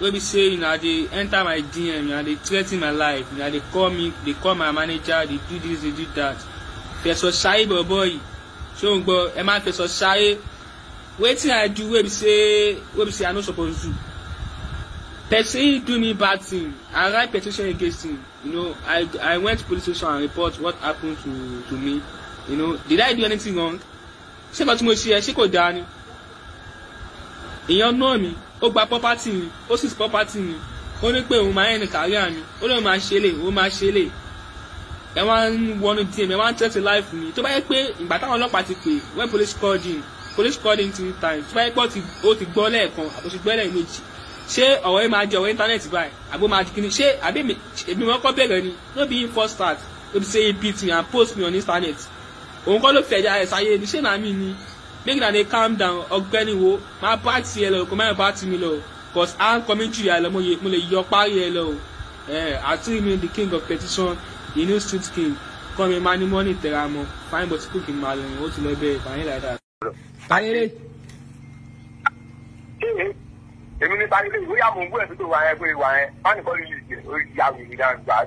wey be say know dey enter my dm una dey threa ten my life you know dey call me dey call my manager dey do this dey do that fẹsọ ṣayé bọ̀bọ̀ yìí ṣé o ń gbọ́ ẹ máa fẹsọ ṣayé wetin i do wey be say wey be say i no suppose do person do me bad thing i write petition against him you know i i went police station and report what happen to to me you know did i do anything wrong ṣé kò tí mo ṣe ẹ ṣé kò dáa èèyàn náà mi ó gba property mi ó sì property mi ó ní pé òun máa ń rìn kárí àmì ó lóun máa ṣe lè òun máa ṣe lè ẹ wá ń wọnú dm ẹ wá ń tẹ́tí láìfù mi tó bá yẹ pé ìgbà táwọn ọlọ́pàá ti pè when police called in police called in three times tó bá yẹ pé ó ti gbọ́ lẹ́ẹ̀kan àbòsí gbọ́ lẹ́ẹ̀mejì ṣé ọ̀rọ̀ yìí máa jẹ́ ọ̀rọ̀ íńtánẹ́ẹ̀tì báyìí àbó máa di kíni ṣé àbí èmi wọn kọ́ bẹ̀rẹ̀ ni no be him first start no be say he beat me and post me on internet òun kọ́ ló fẹ̀dá ẹ̀ sáyé ni ṣé màmí ni make una dey calm down ọ̀gbẹ́ni wo My party tiẹ̀ lọ kó máa bá ti mi lọ cause à ń commentary àlọ́ mo lè yọ parí ẹ lọ o àti mi the king of petition the new street king kọ́ mi máa ní mọ́nì tẹ̀ra mọ́ fine but cook in ma lọ́rùn ó ti lọ bẹ́ẹ̀ fàyín láìda. Táyéré. èmi ni Táyéré ìwé àmọ̀ ògbó ẹ̀ tó tó wà yẹn pé ìwà yẹn fáwọn ìkọ́lù yìí ìyá mi ìdá ìgbà.